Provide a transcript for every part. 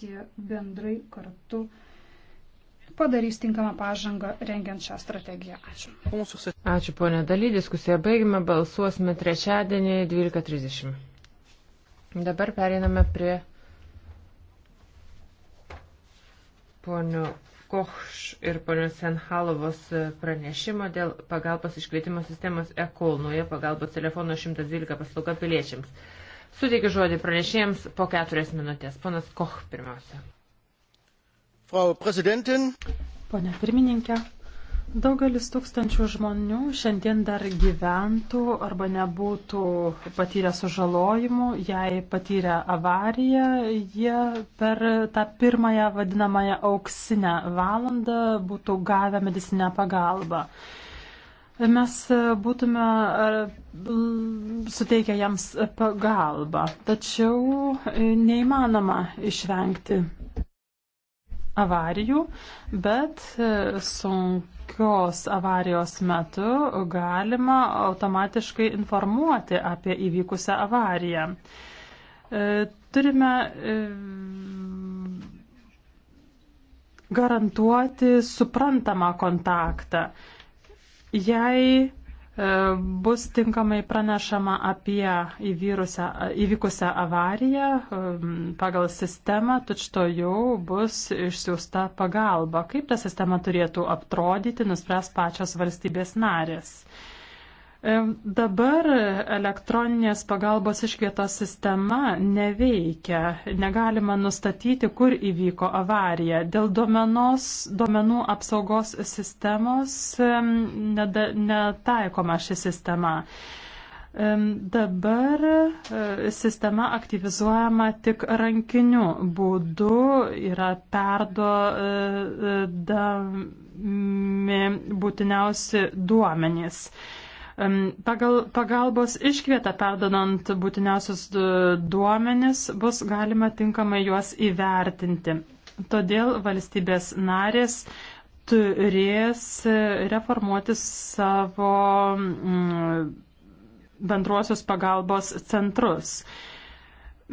komisija bendrai kartu padarys tinkamą pažangą rengiant šią strategiją. Ačiū. Ačiū, ponė Daly. Diskusiją baigime. Balsuosime trečiadienį 12.30. Dabar pereiname prie ponio Koch ir ponios Senhalovos pranešimo dėl pagalbos iškvietimo sistemos e-kol, nauja pagalbos telefono 112 paslauga piliečiams. Suteikiu žodį pranešėjams po keturias minutės. Ponas Koch pirmiausia. Frau Präsidentin. Pone pirmininkė. Daugelis tūkstančių žmonių šiandien dar gyventų arba nebūtų patyrę sužalojimų, jei patyrę avariją, jie per tą pirmąją vadinamąją auksinę valandą būtų gavę medicinę pagalbą mes būtume suteikę jiems pagalbą. Tačiau e, neįmanoma išvengti avarijų, bet e, sunkios avarijos metu galima automatiškai informuoti apie įvykusią avariją. E, turime garantuoti suprantamą kontaktą. Jei e, bus tinkamai pranešama apie įvyrusią, įvykusią avariją e, pagal sistemą, tučto jau bus išsiųsta pagalba. Kaip ta sistema turėtų atrodyti, nuspręs pačios valstybės narės. Dabar elektroninės pagalbos iškvietos sistema neveikia, negalima nustatyti, kur įvyko avarija. Dėl duomenos, duomenų apsaugos sistemos netaikoma ši sistema. Dabar e, sistema aktyvizuojama tik rankiniu būdu, yra perduodami e, e, būtiniausi duomenys. Pagal pagalbos iškvietą perdodant būtiniausius e, duomenis bus galima tinkamai juos įvertinti. Todėl valstybės narės turės reformuoti savo bendruosius pagalbos centrus.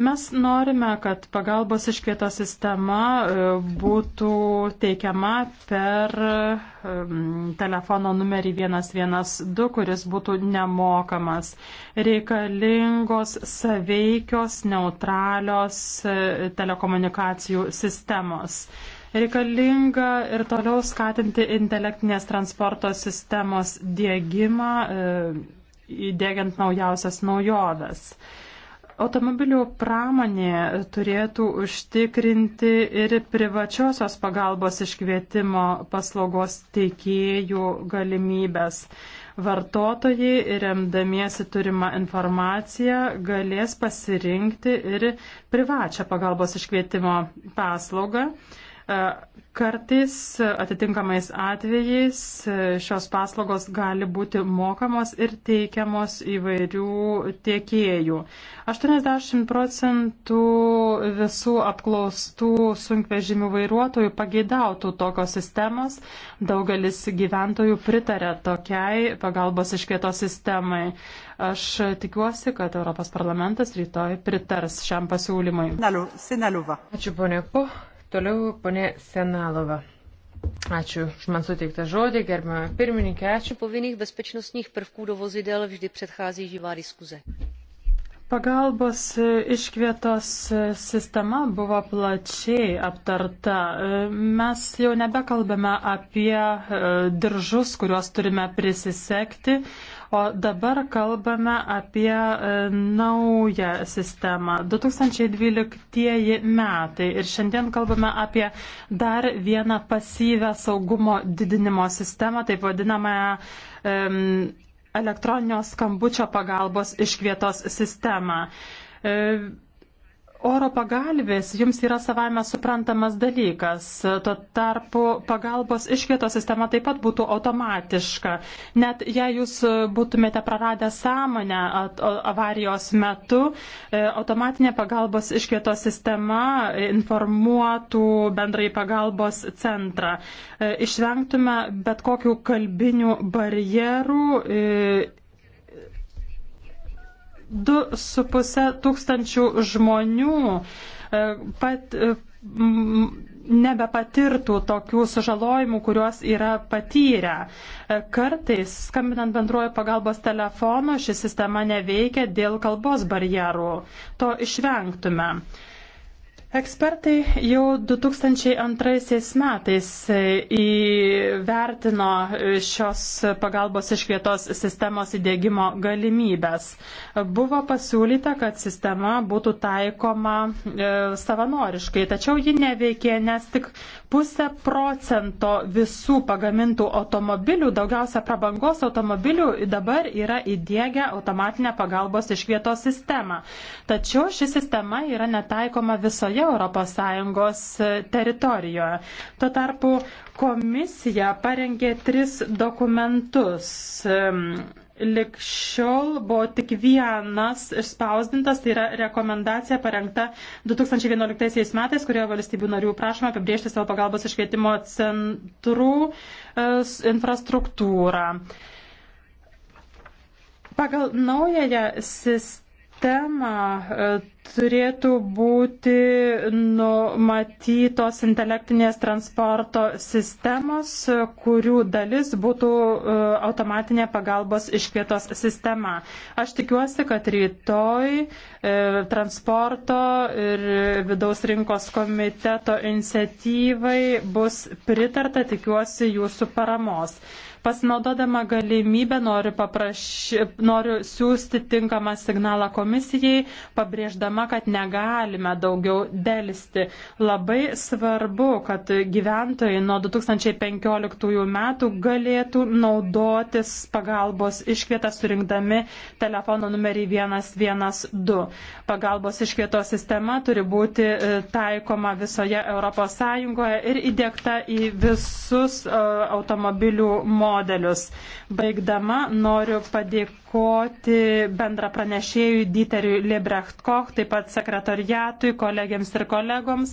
Mes norime, kad pagalbos iškvieto sistema e, būtų teikiama per e, telefono numerį 112, kuris būtų nemokamas. Reikalingos saveikios, neutralios e, telekomunikacijų sistemos. Reikalinga ir toliau skatinti intelektinės transporto sistemos dėgymą, įdėgiant naujausias naujoves. Automobilių pramonė turėtų užtikrinti ir privačiosios pagalbos iškvietimo paslaugos teikėjų galimybės. Vartotojai, remdamiesi turimą informaciją, galės pasirinkti ir privačią pagalbos iškvietimo paslaugą. E, kartais atitinkamais atvejais e, šios paslaugos gali būti mokamos ir teikiamos įvairių tiekėjų. 80 procentų visų apklaustų sunkvežimių vairuotojų pageidautų tokios sistemos. Daugelis gyventojų pritarė tokiai pagalbos iškvieto sistemai. Aš tikiuosi, kad Europos parlamentas rytoj pritars šiam pasiūlymui. Ačiū, ponė Ko. Toliau ponė Senalova. Ačiū už man suteiktą žodį, gerbiamą pirmininkę, ačiū. Povinných bezpečnostních prvků do vozidel vždy předchází živá diskuze. Pagalbos iškvietos sistema buvo plačiai aptarta. Mes jau nebekalbame apie e, diržus, kuriuos turime prisisekti, o dabar kalbame apie e, naują sistemą. 2012 metai ir šiandien kalbame apie dar vieną pasyvę saugumo didinimo sistemą, taip vadinamąją elektroninio skambučio pagalbos iškvietos sistemą. E, Oro pagalbės jums yra savame suprantamas dalykas, tuo tarpu pagalbos iškvieto sistema taip pat būtų automatiška. Net jei jūs būtumėte praradę sąmonę avarijos metu, e, automatinė pagalbos iškvieto sistema informuotų bendrai pagalbos centrą. E, išvengtume bet kokių kalbinių barjerų e, 2,5 tūkstančių žmonių e, pat, e, nebepatirtų tokių sužalojimų, kuriuos yra patyrę. E, kartais, skambinant bendruoju pagalbos telefonu, ši sistema neveikia dėl kalbos barjerų. To išvengtume. Ekspertai jau 2002 metais e, įvertino e, šios pagalbos iškvietos sistemos įdėgymo galimybės. Buvo pasiūlyta, kad sistema būtų taikoma e, savanoriškai, tačiau ji neveikė, nes tik Pusę procento visų pagamintų automobilių, daugiausia prabangos automobilių, dabar yra įdėgę automatinę pagalbos išvietos sistemą. Tačiau ši sistema yra netaikoma visoje ES e, teritorijoje. Tuo tarpu komisija parengė tris dokumentus. Um, likščiol buvo tik vienas išspausdintas, tai yra rekomendacija parengta 2011 metais, kurioje valstybių narių prašoma apibriežti savo pagalbos iškvietimo centrų e, infrastruktūrą. Pagal naująją sistemą temą e, turėtų būti numatytos intelektinės transporto sistemos, kurių dalis būtų e, automatinė pagalbos iškvietos sistema. Aš tikiuosi, kad rytoj e, transporto ir vidaus rinkos komiteto iniciatyvai bus pritarta, tikiuosi jūsų paramos. Pasinaudodama galimybę noriu, papraši, noriu siūsti tinkamą signalą komisijai, pabrėždama, kad negalime daugiau dėlisti. Labai svarbu, kad gyventojai nuo 2015 metų galėtų naudotis pagalbos iškvietą surinkdami telefono numerį 112. Pagalbos iškvieto sistema turi būti e, taikoma visoje ES ir įdėkta į visus e, automobilių modelius modelius. Baigdama noriu padėkoti bendra pranešėjui Dieteriui Librechtkoch, taip pat sekretariatui, kolegiams ir kolegoms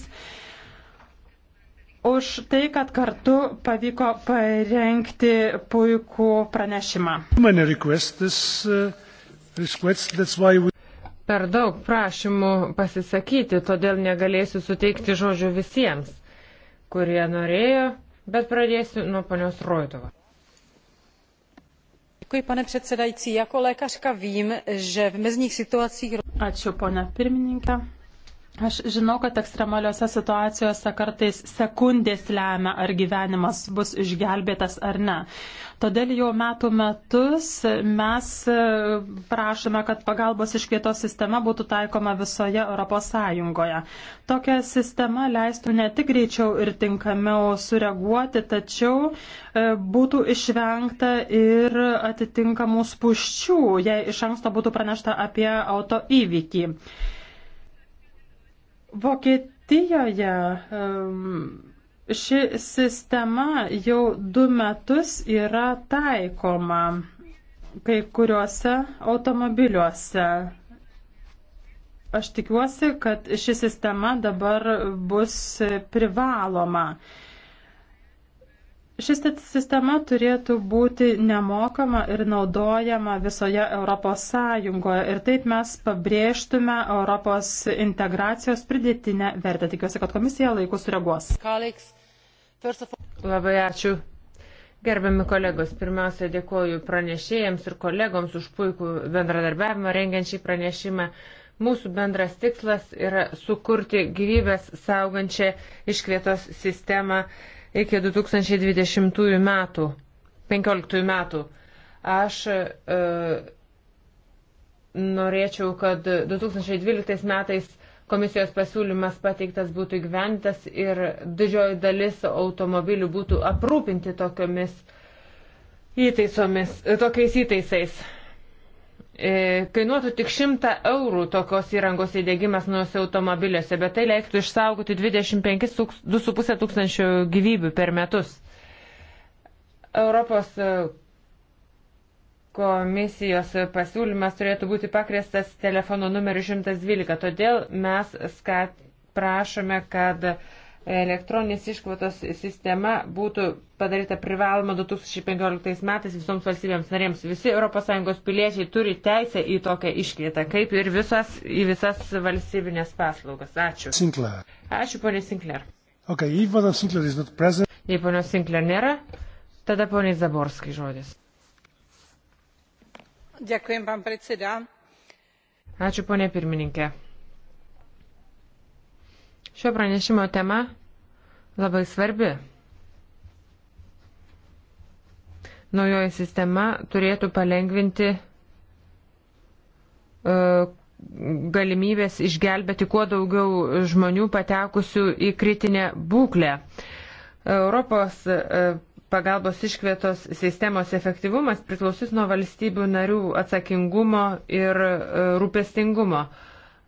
už tai, kad kartu pavyko parengti puikų pranešimą. Uh, per daug prašymų pasisakyti, todėl negalėsiu suteikti žodžių visiems, kurie norėjo, bet pradėsiu nuo ponios Roitovo pane předsedající jako lékařka vím že v mezních situacích. ačiū pone pirmininke. Aš žinau, kad ekstremaliuose situacijose kartais sekundės lemia, ar gyvenimas bus išgelbėtas ar ne. Todėl jau metų metus mes e, prašome, kad pagalbos iškvietos sistema būtų taikoma visoje ES. Tokia sistema leistų ne tik greičiau ir tinkamiau sureaguoti, tačiau e, būtų išvengta ir atitinkamų spuščių, jei iš anksto būtų pranešta apie auto įvykį. Vokietijoje ši sistema jau du metus yra taikoma kai kuriuose automobiliuose. Aš tikiuosi, kad ši sistema dabar bus privaloma. Šis sistema turėtų būti nemokama ir naudojama visoje Europos Sąjungoje ir taip mes pabrėžtume Europos integracijos pridėtinę vertę. Tikiuosi, kad komisija laiku sureaguos. Labai ačiū. Gerbiami kolegos, pirmiausia dėkoju pranešėjams ir kolegoms už puikų bendradarbiavimą rengiant šį pranešimą. Mūsų bendras tikslas yra sukurti gyvybės saugančią iškvietos sistemą iki 2020 metų, 15 metų. Aš e, norėčiau, kad 2012 metais komisijos pasiūlymas pateiktas būtų įgyventas ir didžioji dalis automobilių būtų aprūpinti tokiomis įtaisomis, tokiais įtaisais. E, kainuotų tik 100 eurų tokios įrangos įdėgymas nuose automobiliuose, bet tai leiktų išsaugoti 25,5 tūkstančių gyvybių per metus. Europos e, komisijos pasiūlymas turėtų būti pakrestas telefono numeriu 112, todėl mes skat, prašome, kad uh, elektroninės iškvotos sistema būtų padaryta privaloma 2015 metais visoms valstybėms narėms. Visi ES piliečiai turi teisę į tokią iškvietą, kaip ir visas, į visas valstybinės paslaugas. Ačiū. Sinclair. Ačiū, ponė Sinclair. Okay, Sinclair present... Jei ponios Sinclair nėra, tada ponė Zaborskai žodis. Dėkuojam, pan predseda. Ačiū, ponė pirmininkė. Šio pranešimo tema labai svarbi. Naujoji sistema turėtų palengvinti e, galimybės išgelbėti kuo daugiau žmonių patekusių į kritinę būklę. Europos e, pagalbos iškvietos sistemos efektyvumas priklausys nuo valstybių narių atsakingumo ir e, rūpestingumo.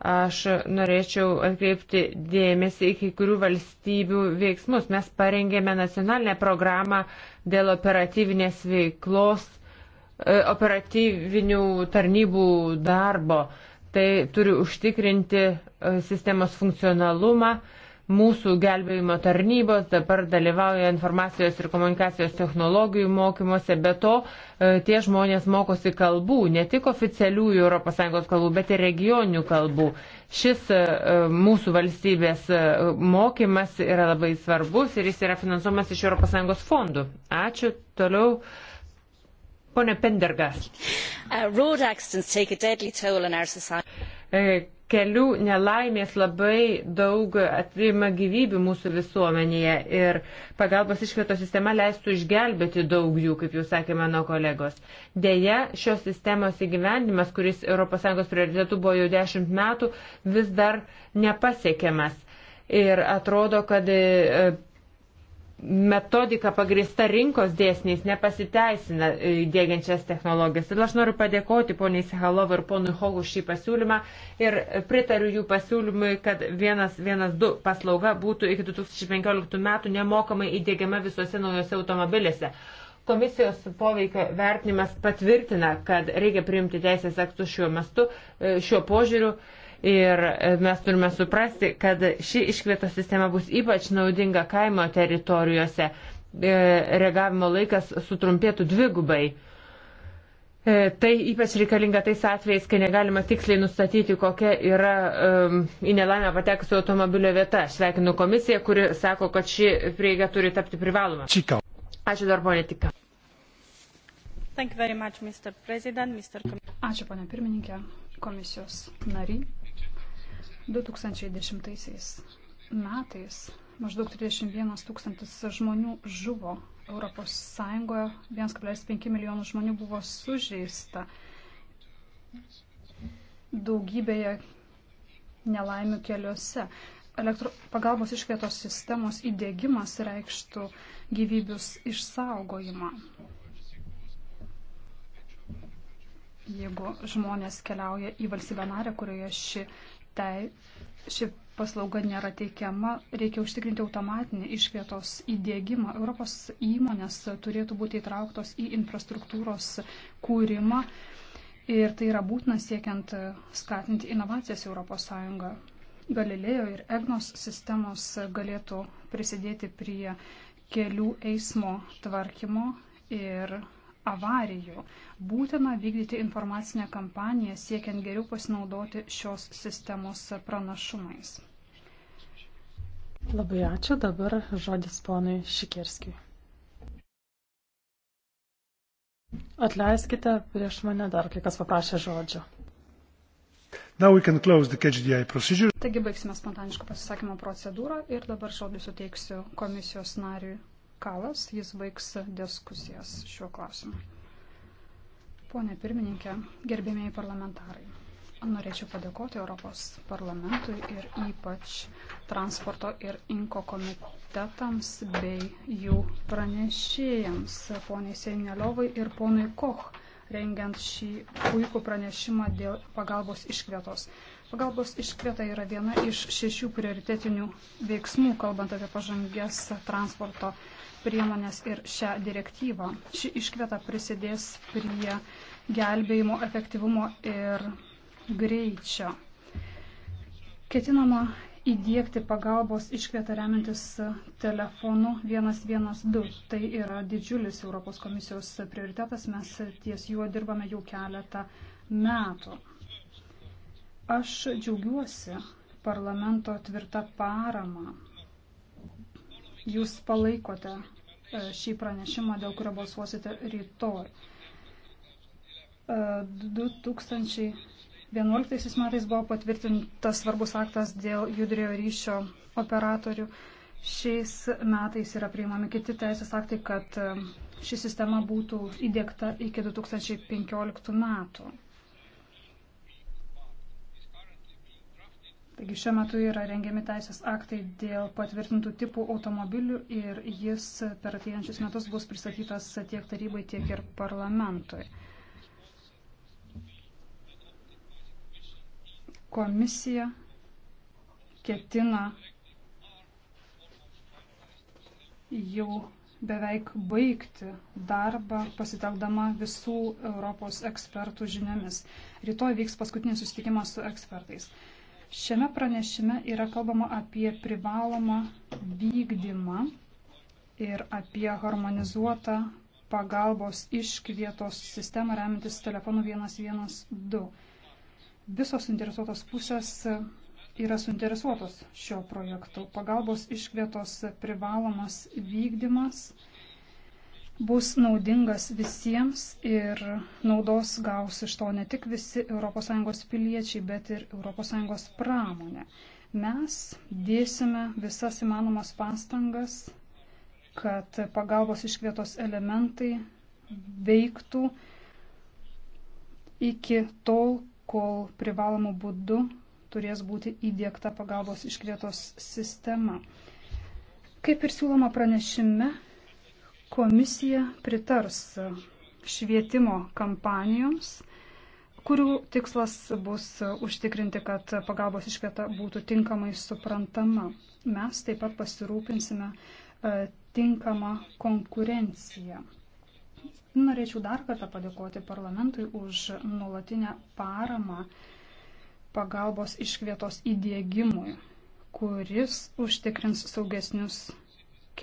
Aš norėčiau atkreipti dėmesį į kai kurių valstybių veiksmus. Mes parengėme nacionalinę programą dėl operatyvinės veiklos, e, operatyvinių tarnybų darbo. Tai turi užtikrinti e, sistemos funkcionalumą, Mūsų gelbėjimo tarnybos dabar dalyvauja informacijos ir komunikacijos technologijų mokymuose, be to e, tie žmonės mokosi kalbų, ne tik oficialiųjų ES kalbų, bet ir regioninių kalbų. Šis e, e, mūsų valstybės mokymas yra labai svarbus ir jis yra finansuomas iš ES fondų. Ačiū. Toliau. Pone Pendergast. Uh, kelių nelaimės labai daug atrima gyvybių mūsų visuomenėje ir pagalbos iškvieto sistema leistų išgelbėti daug jų, kaip jau sakė mano kolegos. Deja, šios sistemos įgyvendimas, kuris ES prioritetų buvo jau dešimt metų, vis dar nepasiekiamas. Ir atrodo, kad e, metodika pagrįsta rinkos dėsniais nepasiteisina e, dėgiančias technologijas. Ir aš noriu padėkoti poniai Sehalovai ir ponui Hogu šį pasiūlymą ir pritariu jų pasiūlymui, kad 112 paslauga būtų iki 2015 metų nemokamai įdėgiama visuose naujose automobilėse. Komisijos poveikio vertinimas patvirtina, kad reikia priimti teisės aktus šiuo mestu, e, šiuo požiūriu. Ir mes turime suprasti, kad ši iškvieto sistema bus ypač naudinga kaimo teritorijose. E, Reagavimo laikas sutrumpėtų dvigubai. E, tai ypač reikalinga tais atvejais, kai negalima tiksliai nustatyti, kokia yra um, į nelaimę patekusio automobilio vieta. Sveikinu komisiją, kuri sako, kad ši prieiga turi tapti privaloma. Čikau. Ačiū dar, ponė Tika. Much, Mr. Mr. Ačiū, ponė pirmininkė, komisijos nariai. 2010 metais maždaug 31 tūkstantis žmonių žuvo Europos Sąjungoje, 1,5 milijonų žmonių buvo sužeista. Daugybėje nelaimių keliuose. Elektro pagalbos iškvietos sistemos įdėgymas reikštų gyvybius išsaugojimą. Jeigu žmonės keliauja į valstybę narę, kurioje ši tei, ši paslauga nėra teikiama, reikia užtikrinti automatinį išvietos įdėgymą. Europos įmonės turėtų būti įtrauktos į infrastruktūros kūrimą ir tai yra būtina siekiant skatinti inovacijas ES. Galilėjo ir EGNOS sistemos galėtų prisidėti prie kelių eismo tvarkymo ir avarijų. Būtina vykdyti informacinę kampaniją siekiant geriau pasinaudoti šios sistemos pranašumais. Labai ačiū. Dabar žodis ponui Šikerskijui. Atleiskite, prieš mane dar kai kas paprašė žodžio. Taigi baigsime spontanišką pasisakymą procedūrą ir dabar žodį suteiksiu komisijos nariui Kalas, jis baigs diskusijas šiuo klausimu. Pone pirmininkė, gerbėmiai parlamentarai, norėčiau padėkoti Europos parlamentui ir ypač transporto ir inko komitetams bei jų pranešėjams, poniai Seineliovai ir ponui Koch, rengiant šį puikų pranešimą dėl pagalbos iškvietos. Pagalbos iškvieta yra viena iš šešių prioritetinių veiksmų, kalbant apie pažangės transporto priemonės ir šią direktyvą. Ši iškvieta prisidės prie gelbėjimo efektyvumo ir greičio. Ketinama įdėkti pagalbos iškvietą remintis telefonu 112. Tai yra didžiulis Europos komisijos prioritetas, mes ties juo dirbame jau keletą metų. Aš džiaugiuosi parlamento tvirtą paramą. Jūs palaikote e, šį pranešimą, dėl kurio balsuosite rytoj. 2011 e, metais buvo patvirtintas svarbus aktas dėl judrėjo ryšio operatorių. Šiais metais yra priimami kiti teisės aktai, kad e, ši sistema būtų įdėkta iki 2015 metų. Taigi šiuo metu yra rengiami teisės aktai dėl patvirtintų tipų automobilių ir jis per ateinančius metus bus pristatytas tiek tarybai, tiek ir parlamentui. Komisija ketina jau beveik baigti darbą pasitelkdama visų Europos ekspertų žiniomis. Rytoj vyks paskutinis susitikimas su ekspertais. Šiame pranešime yra kalbama apie privalomą vykdymą ir apie harmonizuotą pagalbos iškvietos sistemą remintis telefonu 112. Visos suinteresuotos pusės yra suinteresuotos šio projektu. Pagalbos iškvietos privalomas vykdymas bus naudingas visiems ir naudos gaus iš to ne tik visi ES piliečiai, bet ir ES pramonė. Mes dėsime visas įmanomas pastangas, kad pagalbos iškvietos elementai veiktų iki tol, kol privalomų būdų turės būti įdėkta pagalbos iškvietos sistema. Kaip ir siūloma pranešime, Komisija pritars švietimo kampanijoms, kurių tikslas bus užtikrinti, kad pagalbos iškvieta būtų tinkamai suprantama. Mes taip pat pasirūpinsime e, tinkamą konkurenciją. Norėčiau dar kartą padėkoti parlamentui už nuolatinę paramą pagalbos iškvietos įdėgymui, kuris užtikrins saugesnius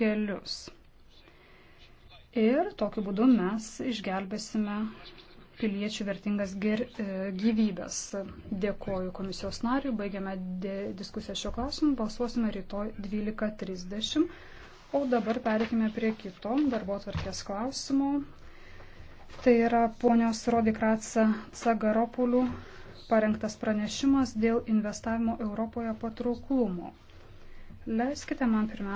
kelius ir tokiu būdu mes išgelbėsime piliečių vertingas ger, e, gyvybės. Dėkoju komisijos nariui, baigiame diskusiją šio klausimu, balsuosime rytoj 12.30. O dabar perėkime prie kito darbo atvarkės klausimo. Tai yra ponios Rodikratsa Cagaropulių parengtas pranešimas dėl investavimo Europoje patrauklumo. Leiskite man pirmiausia.